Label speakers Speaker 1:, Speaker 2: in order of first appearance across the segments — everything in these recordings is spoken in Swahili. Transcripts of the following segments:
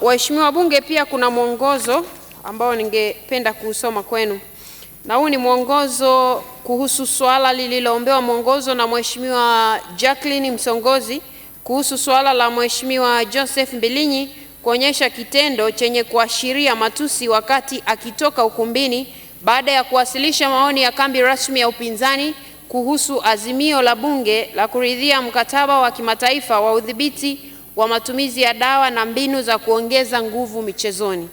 Speaker 1: Waheshimiwa wabunge, pia kuna mwongozo ambao ningependa kuusoma kwenu, na huu ni mwongozo kuhusu swala lililoombewa mwongozo na Mheshimiwa Jacqueline Msongozi kuhusu swala la Mheshimiwa Joseph Mbilinyi kuonyesha kitendo chenye kuashiria matusi wakati akitoka ukumbini baada ya kuwasilisha maoni ya kambi rasmi ya upinzani kuhusu azimio la bunge la kuridhia mkataba wa kimataifa wa udhibiti wa matumizi ya dawa na mbinu za kuongeza nguvu michezoni.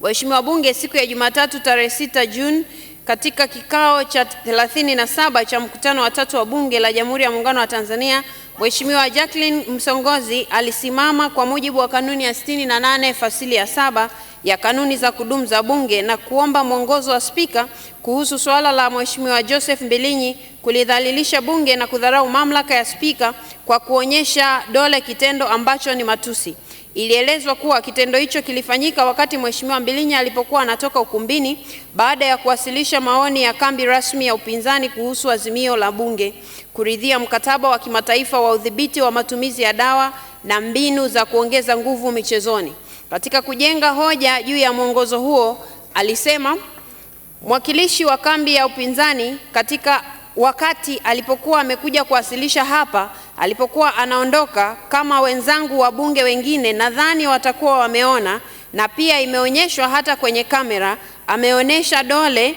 Speaker 1: Waheshimiwa wabunge, siku ya Jumatatu tarehe 6 Juni katika kikao cha 37 cha mkutano wa tatu wa Bunge la Jamhuri ya Muungano wa Tanzania Mheshimiwa Jacqueline Msongozi alisimama kwa mujibu wa kanuni ya 68 fasili ya saba ya kanuni za kudumu za Bunge na kuomba mwongozo wa Spika kuhusu suala la Mheshimiwa Joseph Mbilinyi kulidhalilisha Bunge na kudharau mamlaka ya Spika kwa kuonyesha dole, kitendo ambacho ni matusi. Ilielezwa kuwa kitendo hicho kilifanyika wakati Mheshimiwa Mbilinyi alipokuwa anatoka ukumbini baada ya kuwasilisha maoni ya kambi rasmi ya upinzani kuhusu azimio la Bunge kuridhia mkataba wa kimataifa wa udhibiti wa matumizi ya dawa na mbinu za kuongeza nguvu michezoni. Katika kujenga hoja juu ya mwongozo huo, alisema mwakilishi wa kambi ya upinzani katika wakati alipokuwa amekuja kuwasilisha hapa, alipokuwa anaondoka, kama wenzangu wa bunge wengine, nadhani watakuwa wameona, na pia imeonyeshwa hata kwenye kamera, ameonyesha dole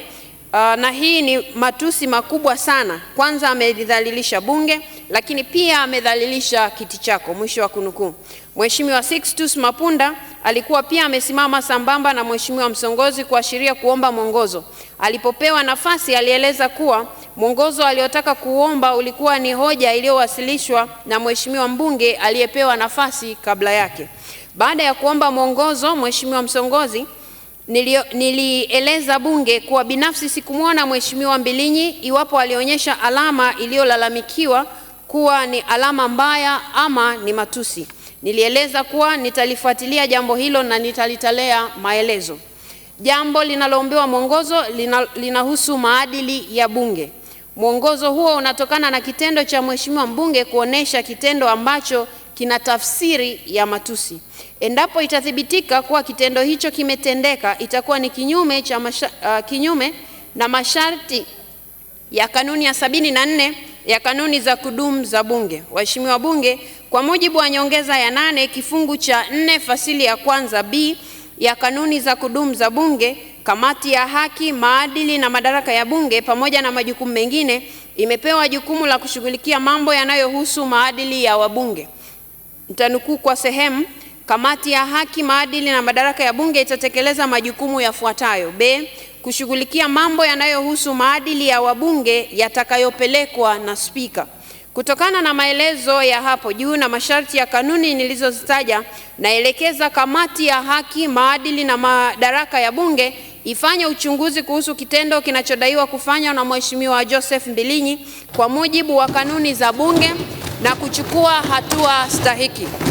Speaker 1: Uh, na hii ni matusi makubwa sana. Kwanza amelidhalilisha bunge, lakini pia amedhalilisha kiti chako. Mwisho wa kunukuu. Mheshimiwa Sixtus Mapunda alikuwa pia amesimama sambamba na Mheshimiwa Msongozi kuashiria kuomba mwongozo. Alipopewa nafasi, alieleza kuwa mwongozo aliotaka kuomba ulikuwa ni hoja iliyowasilishwa na Mheshimiwa mbunge aliyepewa nafasi kabla yake. Baada ya kuomba mwongozo, Mheshimiwa Msongozi Nilio, nilieleza Bunge kuwa binafsi sikumwona Mheshimiwa Mbilinyi iwapo alionyesha alama iliyolalamikiwa kuwa ni alama mbaya ama ni matusi. Nilieleza kuwa nitalifuatilia jambo hilo na nitalitalea maelezo. Jambo linaloombewa mwongozo linahusu maadili ya Bunge. Mwongozo huo unatokana na kitendo cha Mheshimiwa mbunge kuonesha kitendo ambacho kina tafsiri ya matusi. Endapo itathibitika kuwa kitendo hicho kimetendeka, itakuwa ni kinyume cha masha, uh, kinyume na masharti ya kanuni ya sabini na nne ya kanuni za kudumu za Bunge. Waheshimiwa bunge kwa mujibu wa nyongeza ya nane kifungu cha nne fasili ya kwanza b ya kanuni za kudumu za Bunge, kamati ya haki, maadili na madaraka ya Bunge pamoja na majukumu mengine imepewa jukumu la kushughulikia mambo yanayohusu maadili ya wabunge. Nitanukuu kwa sehemu. Kamati ya Haki, Maadili na Madaraka ya Bunge itatekeleza majukumu yafuatayo: B, kushughulikia mambo yanayohusu maadili ya wabunge yatakayopelekwa na Spika. Kutokana na maelezo ya hapo juu na masharti ya kanuni nilizozitaja, naelekeza Kamati ya Haki, Maadili na Madaraka ya Bunge ifanye uchunguzi kuhusu kitendo kinachodaiwa kufanywa na Mheshimiwa Joseph Mbilinyi kwa mujibu wa kanuni za Bunge na kuchukua hatua stahiki.